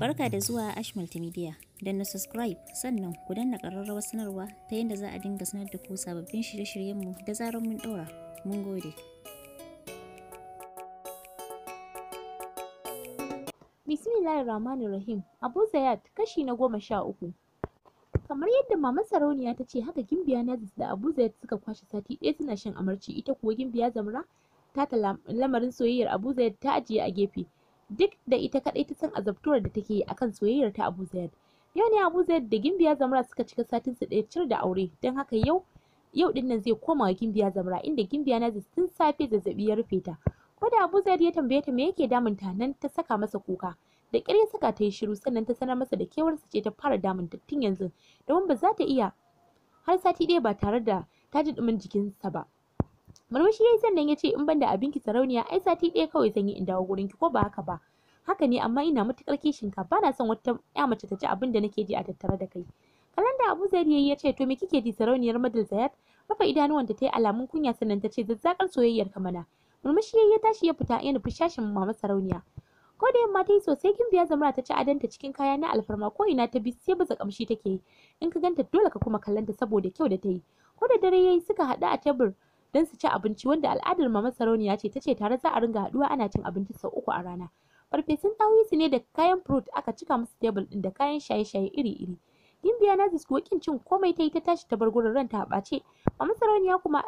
Barka da zuwa Ash Multimedia. Don na subscribe sannan ku danna ƙararrawar sanarwa ta yadda za a dinga sanar da ku sababbin shirye-shiryenmu da zarar mun ɗora. Mun gode. Bismillahir Rahmanir Rahim. Abu Zayyad kashi na goma sha uku. kamar yadda mama sarauniya ta ce haka gimbiya nazis da abu Zayat suka kwashe sati ɗaya suna shan amarci ita kuwa gimbiya zamra ta lamarin soyayyar abu Zayat ta ajiye a gefe duk da ita kadai ta san azabtuwar da take yi akan soyayyar ta Abu Zaid. Yau ne Abu Zaid da Gimbiya Zamra suka cika satin su ɗaya cir da aure, don haka yau yau din nan zai koma wa Gimbiya Zamra inda Gimbiya na Nazis tun safe zazzabi ya rufe ta. Ko da Abu Zaid ya tambaye ta me yake damun ta nan ta saka masa kuka. Da ƙyar ya saka ta yi shiru sannan ta sanar masa da kewar su ce ta fara damun ta tun yanzu domin ba za ta iya har sati ɗaya ba tare da ta ji ɗumin jikinsa ba. Murmushi yayi sannan ya ce in ban da ki sarauniya ai sati ɗaya kawai zan yi in dawo gurin ki ko ba haka ba. Haka ne amma ina matuƙar kishin ka na son wata ƴa mace ta ci abin da nake ji a tattare da kai. Kalanda Abu Zaid yayi ya ce to me kike ji sarauniyar Madal Zayat? Rufe idanuwanta ta yi alamun kunya sannan ta ce zazzakar soyayyar ka mana. Murmushi yayi ya tashi ya fita ya nufi shashin mama sarauniya. ko da yamma ta yi sosai biya zamra ta ci adanta cikin kaya na alfarma ko ina ta bi sai baza kamshi take yi in ka ganta dole ka kuma kallanta saboda kyau da ta yi ko da dare yayi suka haɗu a tebur don su ci abinci wanda al'adar mama sarauniya ce tace tare za a ringa haduwa ana cin abinci sau uku a rana farfesun tawisu ne da kayan fruit aka cika musu tebul din da kayan shaye-shaye iri-iri gimbiya nazis kuwa cin komai ta yi ta tashi ta bar gurin ranta a ɓace mama sarauniya kuma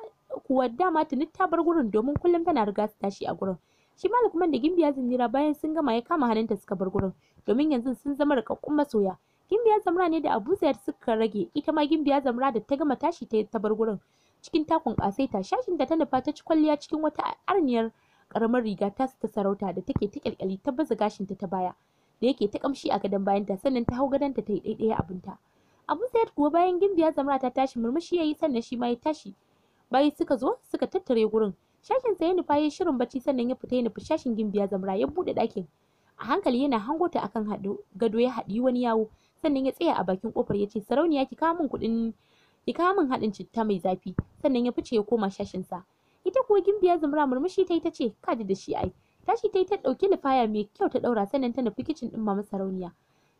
kuwa dama tuni ta bar gurin domin kullum tana riga su tashi a gurin shi ma lukman da gimbiya zinjira bayan sun gama ya kama hannunta suka bar gurin domin yanzu sun zama rikakkun masoya gimbiya zamra ne da abu suka rage ita ma gimbiya zamra da ta gama tashi ta bar gurin cikin takun ƙasaita shashin da ta nufa ta ci kwalliya cikin wata arniyar karamar riga ta ta sarauta da take ta kyalkyali ta baza gashinta ta baya da yake ta kamshi a gadon bayanta sannan ta hau gadonta ta yi ɗaiɗaya abinta Abun sayar kuwa bayan gimbiya zamra ta tashi murmushi ya yi sannan shi ma ya tashi bayi suka zo suka tattare gurin shashin sa ya nufa ya shirin bacci sannan ya fita ya nufi shashin gimbiya zamra ya buɗe ɗakin a hankali yana hango ta akan gado ya haɗi wani yawo sannan ya tsaya a bakin kofar ya ce sarauniya ki kawo min kuɗin ki kawo min haɗin citta mai zafi sannan ya fice ya koma shashin sa ita kuwa gimbiya zumra murmushi ta yi ta ce ka ji da shi ai tashi ta yi ta ɗauki lifaya mai kyau ta ɗaura sannan ta nufi kicin ɗin mama sarauniya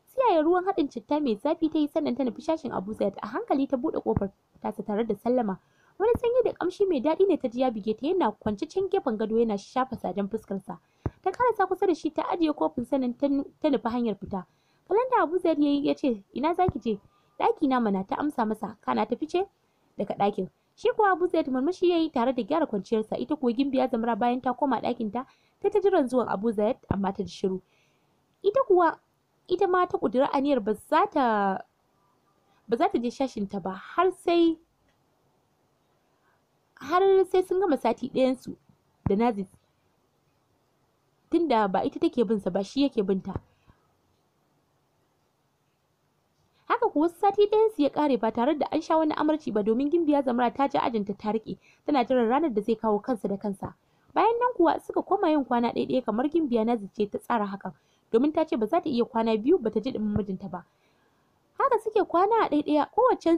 sai ruwan haɗin citta mai zafi ta yi sannan ta nufi shashin abu zayat a hankali ta buɗe ƙofar tasa tare da sallama wani sanyi da ƙamshi mai daɗi ne ta ji ya bige ta yana kwance can gefen gado yana shafa sajen fuskarsa ta karasa kusa da shi ta ajiye kofin sannan ta nufi hanyar fita kalanda abu zayat ya ya ce ina zaki je ɗaki na mana ta amsa masa kana ta fice daga ɗakin shi kuwa abu zaid murmushi yi tare da gyara kwanciyarsa ita kuwa gimbiya zamra bayan ta koma ɗakin ta ta ta jiran zuwan abu zaid amma ta ji shiru ita kuwa ita ma ta ƙudiri aniyar ba za ta ba za ta je shashinta ba har sai har sai sun gama sati ɗayansu da nazis tunda ba ita take bin sa ba shi yake binta haka kuwa sati ɗayan su ya kare ba tare da an sha wani amarci ba domin gimbiya zamara ta ji ajinta ta riƙe tana jiran ranar da zai kawo kansa da kansa bayan nan kuwa suka koma yin kwana ɗaya kamar gimbiya na zice ta tsara hakan domin ta ce ba za ta iya kwana biyu ba ta ji ɗin mijinta ba haka suke kwana a ɗaiɗaya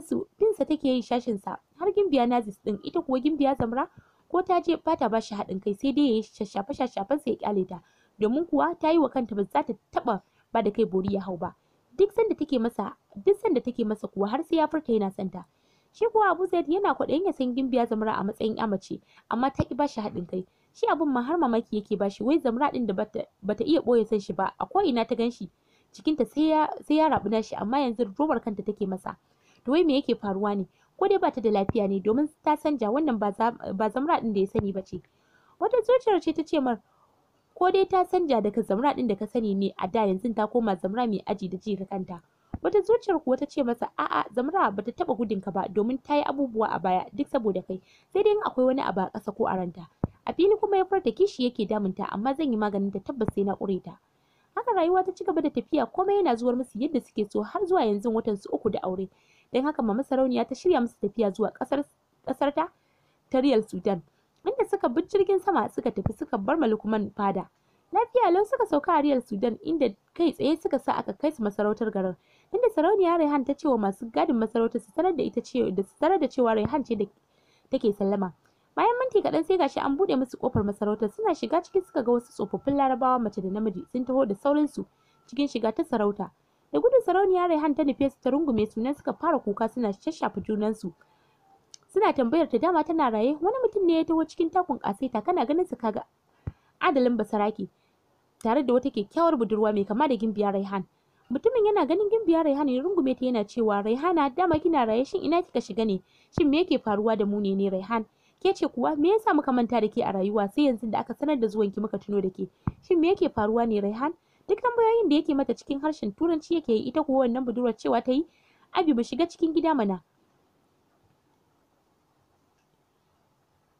su binsa take yin shashinsa har gimbiya nazis ɗin ita kuwa gimbiya zamra ko ta je ba ta bashi haɗin kai sai dai ya yi shashafe shashafen sa ya ƙyale ta domin kuwa ta yi wa kanta ba za ta taɓa ba da kai bori ya hau ba duk sanda take masa duk sanda take masa kuwa har sai ya furta yana santa shi kuwa Abu Zaid yana kwaɗayin ya san Gimbiya Zamra a matsayin amace amma ta ki bashi haɗin kai shi abun ma har mamaki yake bashi wai Zamra din da bata, iya boye san shi ba a ko ina ta ganshi cikinta sai ya sai ya rabu shi amma yanzu robar kanta take masa to wai me yake faruwa ne ko dai bata da lafiya ne domin ta sanja wannan ba Zamra din da ya sani ba ce wata zuciyar ce ta ce mar ko dai ta canja daga zamra din da ka sani ne a da yanzu ta koma zamra mai aji da ji ka kanta wata zuciyar kuwa ta ce masa a'a zamra bata taba gudun ka ba domin ta yi abubuwa a baya duk saboda kai sai dai in akwai wani abu a ƙasa ko a ranta a fili kuma ya furta kishi yake damunta amma zan yi maganin ta tabbas sai na ƙure ta haka rayuwa ta ci gaba da tafiya komai yana zuwar musu yadda suke so har zuwa yanzu watan su uku da aure don haka mama sarauniya ta shirya musu tafiya zuwa ƙasar ta ta Riyal Sudan wanda suka bi jirgin sama suka tafi suka bar malukuman fada. Lafiya lau suka sauka a riyar Sudan inda kai tsaye suka sa aka kai su masarautar garin. Inda sarauniya Raihan ta ce wa masu gadin masarautar su sanar da ita ce da su sanar da cewa Raihan ce da take sallama. Bayan minti kaɗan sai gashi an buɗe musu ƙofar masarautar suna shiga cikin suka ga wasu tsofaffin larabawa mace da namiji sun taho da saurin su cikin shiga ta sarauta. Da gudun sarauniya Raihan ta nufe su ta rungume su nan suka fara kuka suna shashafa junansu. su. suna tambayar ta dama tana raye wani mutum ne ya taho cikin takun kasaita kana ganin su kaga adalin basaraki tare da wata kyakkyawar budurwa mai kama da gimbiya Raihan mutumin yana ganin gimbiya Raihan ya rungume ta yana cewa Raihana dama kina raye shin ina kika shiga ne shin me yake faruwa da mu ne ne Raihan ke ce kuwa me yasa muka manta da ke a rayuwa sai yanzu da aka sanar da zuwanki muka tuno da ke shin me yake faruwa ne Raihan duk tambayoyin da yake mata cikin harshen turanci yake yi ita kuwa wannan budurwar cewa ta yi abi mu shiga cikin gida mana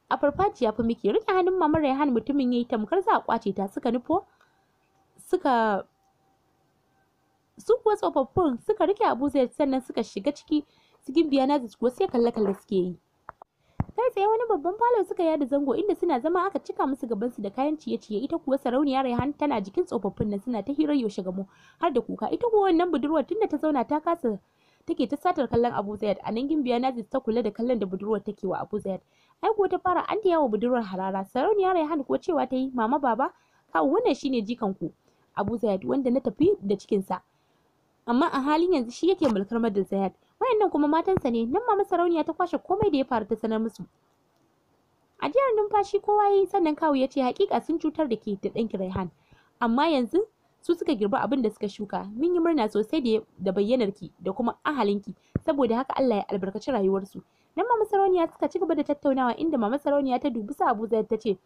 a farfajiya fi miki rike hannun mamar Rayhan mutumin ya yi tamkar za a kwace ta suka nufo suka su kuwa tsofaffin suka rike Abu sannan suka shiga ciki cikin biya na kuwa sai kalle kalle suke yi kai tsaye wani babban falo suka yada zango inda suna zama aka cika musu gaban su da kayan ciye-ciye ita kuwa sarauniya raihan tana jikin tsofaffin nan suna ta hirar yaushe gamo har da kuka ita kuwa wannan budurwar tunda ta zauna ta kasa take ta satar kallon Abu a nan gimbiya Nazis ta kula da kallon da budurwar take wa Abu ai ko ta fara an wa budurwar harara sarauniya raihan ko cewa ta yi mama baba kawo wannan shine jikan ku abu zayat wanda na tafi da cikin sa amma a halin yanzu shi yake mulkar madar zayat wayannan kuma matansa ne nan mama sarauniya ta kwashe komai da ya faru ta sanar musu A jihar numfashi kowa yayi sannan kawu ya ce hakika sun cutar da ke da ɗanki raihan amma yanzu su suka girbi abin da suka shuka mun yi murna sosai da bayyanar ki da kuma ahalinki saboda haka Allah ya albarkaci rayuwarsu nan mama sarauniya suka ci gaba da tattaunawa inda mama sarauniya ta dubi sa Abuja ta ce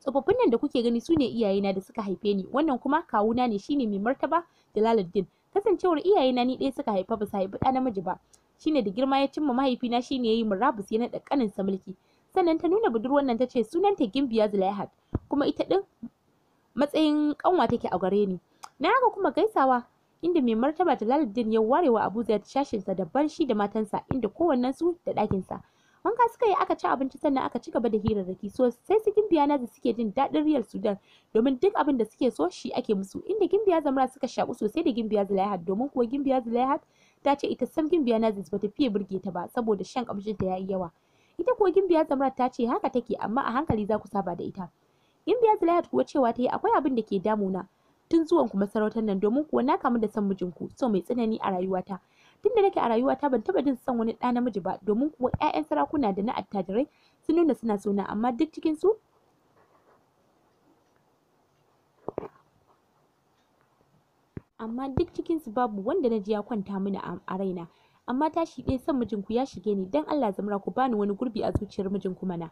tsofaffin nan da kuke gani su ne iyayena da suka haife ni wannan kuma kawuna ne shine mai martaba jalaluddin kasancewar iyayena ni ɗaya suka haifa ba su haifi ɗa namiji ba shine da girma ya cimma mahaifina shine yi murabus ya naɗa sa mulki sannan ta nuna budurwar nan sunan sunanta Gimbiya Zulaihat kuma ita ɗin matsayin ƙanwa take a gare ni na haka kuma gaisawa inda mai martaba Jalaluddin ya ware wa Abu sa sa, bar shi da matansa inda su da ɗakinsa. Wanka suka yi aka ci abinci sannan aka ci gaba da hirarraki so sai su Gimbiya Nazi suke jin daɗin riyar Sudan domin duk abin da suke so shi ake musu inda Gimbiya Zamra suka shaku sosai da Gimbiya Zulaihat domin kuwa Gimbiya Zulaihat ta ce ita san Gimbiya Nazi bata fiye burge ta ba saboda shan kamshin ta yayi yawa. Ita kuwa Gimbiya Zamra ta ce haka take amma a hankali za ku saba da ita. Gimbiya Zulaihat kuwa cewa ta yi akwai abin da ke damuna. na tun zuwan ku masarautar nan domin kuwa na kamu da son mijinku so mai tsanani a rayuwata tun da nake a rayuwata ban taba jin san wani ɗa namiji ba domin kuwa ƴaƴan sarakuna da na attajirai sun nuna suna sona amma duk cikin su amma duk cikin su babu wanda na ji ya kwanta mini a raina amma tashi ɗaya son mijinku ya shige ni dan Allah zamra ku bani wani gurbi a zuciyar mijinku mana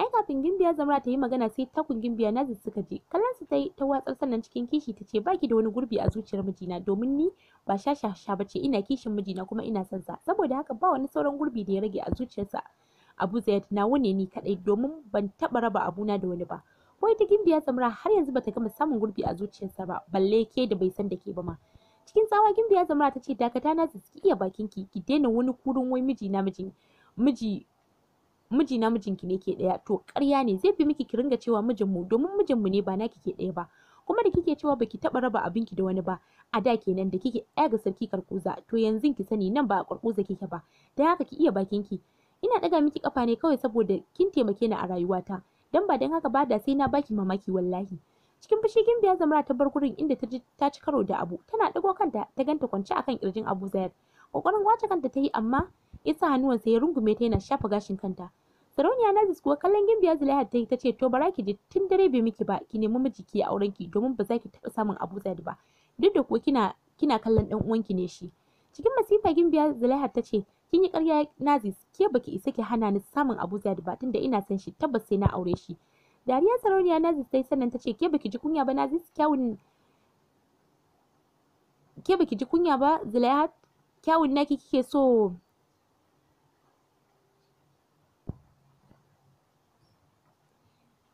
ai kafin gimbiya zamra ta yi magana sai takun gimbiya nazir suka je kallon su ta ta watsar sannan cikin kishi ta ce baki da wani gurbi a zuciyar mijina domin ni ba sha sha bace ina kishin mijina kuma ina son sa saboda haka ba wani sauran gurbi da ya rage a zuciyarsa abu zaid na wune ni kadai domin ban taba raba abuna da wani ba wai ta gimbiya zamra har yanzu bata gama samun gurbi a zuciyarsa ba balle ke da bai san da ke ba ma cikin tsawa gimbiya zamra ta ce dakata na ki iya bakin ki ki daina wani kurun wai miji na miji miji mijina mijinki ne ke ɗaya to ƙarya ne zai fi miki ki ringa cewa mu domin mijin mu ne ba naki ke ɗaya ba kuma da kike cewa baki taba raba ki da wani ba a da kenan da kike ɗaya ga sarki karkuza to yanzu ki sani nan ba a karkuza kike ba da haka ki iya bakin ki ina ɗaga miki kafa ne kawai saboda kin taimake ni a rayuwata dan ba dan haka ba da sai na baki mamaki wallahi cikin fushi ya zamara ta bar gurin inda ta ta ci karo da abu tana ɗago kanta ta ganta kwance akan kirjin abu zayar kokarin wace kanta ta yi amma isa hannuwansa ya rungume ta yana shafa gashin kanta sarauniya nazis kuwa kallon gimbiya zulaiha ta yi ta ce to bara ki je tun dare bai miki ba ki nemi miji ki auren ki domin ba za ki taɓa samun abu zaid ba duk da kuwa kina kina kallon ɗan uwanki ne shi cikin masifa gimbiya zulaiha ta ce kin yi ƙarya nazis ke baki isa ki hana ni samun abu zaid ba tunda ina son shi tabbas sai na aure shi dariya sarauniya nazis sai sannan ta ce ke baki ji kunya ba nazis kyawun ke baki ji kunya ba zulaiha kyawun naki kike so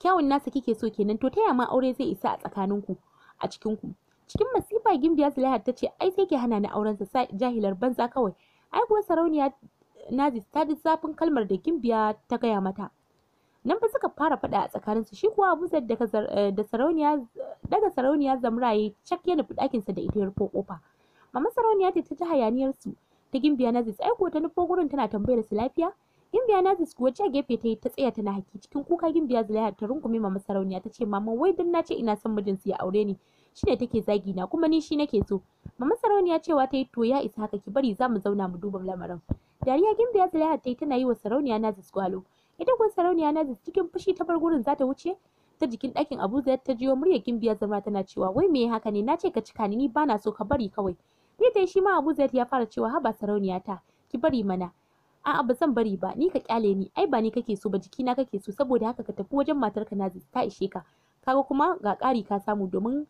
kyawun nasa kike so kenan to taya ma aure zai isa a ku a cikin ku cikin masifa gimbiya zulaiha ta ce ai sai ke hana ni auren sa jahilar banza kawai ai kuwa sarauniya nazi ta ji zafin kalmar da gimbiya ta gaya mata nan fa suka fara faɗa a tsakanin tsakaninsu shi kuwa abuzar eh, da sarauniya daga sarauniya zamraye cak ya nufi sa da ita ya kofa mama sarauniya ta ji hayaniyar su ta gimbiya nazis ai kuwa ta nufo gurin tana tambayar su lafiya Gimbiya Nazis kuwa a gefe ta yi ta tsaya tana haki cikin kuka Gimbiya Zulaiha ta rungume ma masarauniya ta ce mama wai dan na ce ina son mijin su ya aure ni Shi ne take zagi na kuma ni shi nake so. Mama sarauniya cewa ta yi to ya isa haka ki bari za mu zauna mu duba lamarin. Dariya Gimbiya Zulaiha ta yi tana yi wa sarauniya Nazis gwalo. Ita kuwa sarauniya Nazis cikin fushi ta bar gurin za ta wuce ta jikin ɗakin Abu Zaid ta jiyo muryar Gimbiya zama tana cewa wai me haka ne na ce ka cika ni ni bana so ka bari kawai. Ni dai shi ma Abu ya fara cewa haba sarauniya ta ki bari mana. a'a ba zan bari ba ni ka kyale ni ai ba ni kake so ba jikina kake so saboda haka ka tafi wajen matarka na ta ishe ka kaga kuma ga ƙari ka samu domin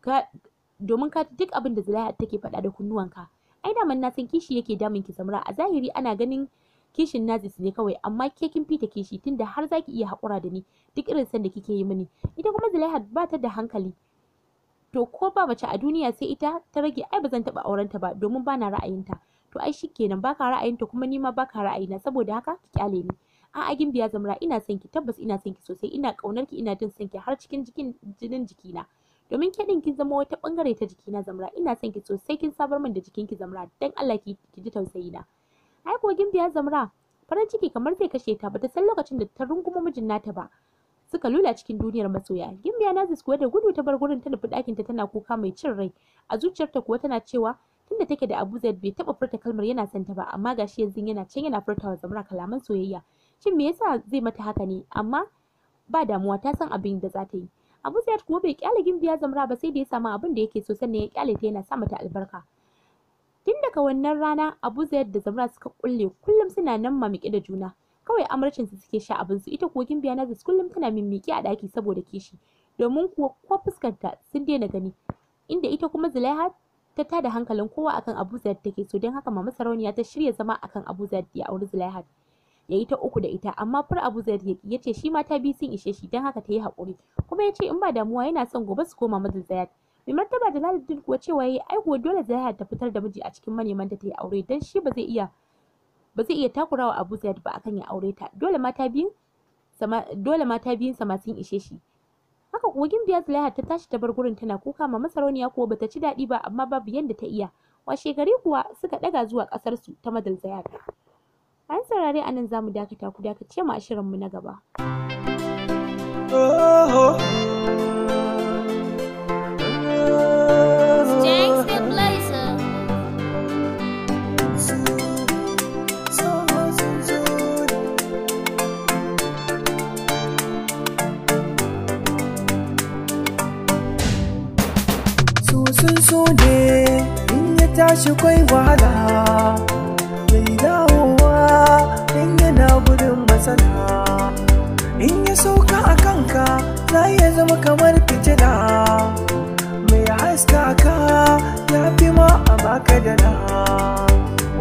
ka domin ka duk abin da zalaya take faɗa da kunnuwanka ai da man na san kishi yake damun ki samura. a zahiri ana ganin kishin nazis ne kawai amma ke kin fita kishi tunda har zaki iya haƙura da ni duk irin san da kike yi mini ita kuma zalaya ba ta da hankali to ko ba mace a duniya sai ita ta rage ai ba zan taɓa aurenta ba domin ba na ra'ayinta to ai shikenan baka ra'ayinta kuma Nima baka baka ra'ayina saboda haka ki kyale ni a'a gimbiya zamra ina son ki tabbas ina son ki sosai ina kaunar ki ina jin son ki har cikin jikin jinin jikina domin ke din kin zama wata bangare ta jikina zamra ina son ki sosai kin sabar min da jikin ki zamra dan Allah ki ki ji tausayi na ai ko gimbiya zamra farin ciki kamar zai kashe ta bata san lokacin da ta runguma mijin nata ba suka lula cikin duniyar masoya gimbiya nazis kuwa da gudu ta bar gurin ta nufi ɗakin tana kuka mai cin rai a zuciyarta kuwa tana cewa tunda take da Abu Zaid bai taba furta kalmar yana son ta ba amma gashi yanzu yana can yana furtawa Zamra kalaman soyayya shin me yasa zai mata haka ne amma ba damuwa ta san abin da za ta yi Abu Zaid kuma bai kyale Gimbiya zamura ba sai da ya samu abin da yake so sannan ya kyale ta yana sa mata albarka tun daga wannan rana Abu da Zamra suka kulle kullum suna nan mamike da juna kawai amarcin su suke sha abin su ita kuwa Gimbiya Nazis kullum tana mimmiƙi a daki saboda kishi domin kuwa ko fuskanta sun daina gani inda ita kuma Zulaiha ta tada hankalin kowa akan Abu Zaid take so don haka Mama Sarauniya ta shirya zama akan Abu Zaid ya auri Zulaihat yayi ta uku da ita amma fur Abu Zaid ya ce shi ma ta bi sun ishe shi don haka ta yi haƙuri kuma ya ce in ba damuwa yana son gobe su koma madal Zayat mai martaba da Jalaluddin kuwa cewa yayi ai kuwa dole Zayat ta fitar da miji a cikin manemanta ta yi aure dan shi ba zai iya ba zai iya takurawa Abu Zaid ba akan ya aure ta dole mata biyun dole mata biyun sama sun ishe shi haka kogin biya zulaiha ta tashi ta bar gurin tana kuka ma masarauniya kuwa bata ci daɗi ba amma babu yadda ta iya washe gari kuwa suka ɗaga zuwa ƙasar su ta madal zayata an saurare anan zamu dakata ku dakace mu a shirinmu na gaba. so ne in ya tashi kwai wahala mai dawowa in yana gudun matsala in ya sauka a kanka za ya zama kamar fitila mai haska ka ya fi ma abaka da na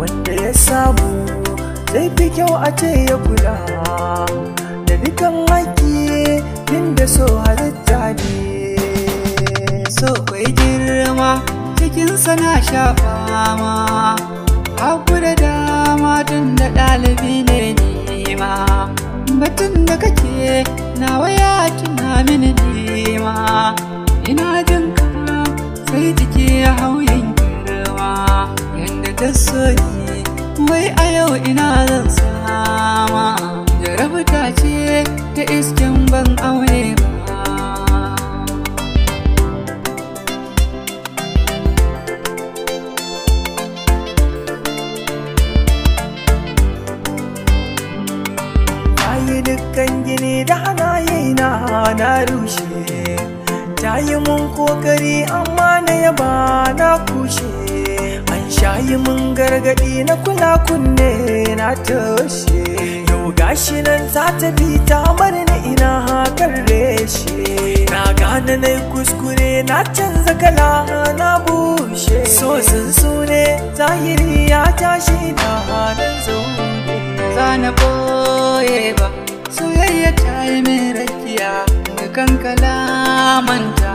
wanda ya samu zai fi kyau a ce ya kula da dukan haƙi inda so halitta ne so kwai girma cikin sana sha fama haku da dama tun da ɗalibi ne nema batun da kake nawa ya tuna mini nema ina jin ka sai jiki ya hauyin girma yadda ta soki wai a yau ina zan sama jarabta ce ta iskin ban aure da yana na na rushe ta yi mun kokari amma na yaba na kushe an sha yi mun gargadi na kula kunne na toshe yau gashi nan ta tafi ta ni ina hakan reshe na gane na kuskure na canza kala na bushe so sun sune zahiri ya tashi da hannun zaune za na boye ba Rukayya ta yi mai rakiya kankala manta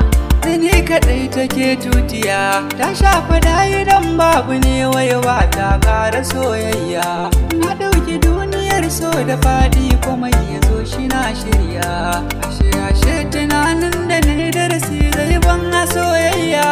Ni kaɗai take tutiya ta shafa dayi don babu ne waiwa ta ƙara soyayya Na ɗauki duniyar so da faɗi kuma ya zo shi na shirya Ashe ashe tunanin da ne darasi zai ban a soyayya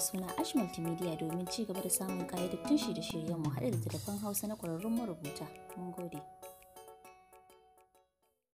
mai suna Ash Multimedia domin ci gaba da samun kayyadattun shirye mu haɗa da telefon Hausa na ƙwararrun marubuta. Mun gode.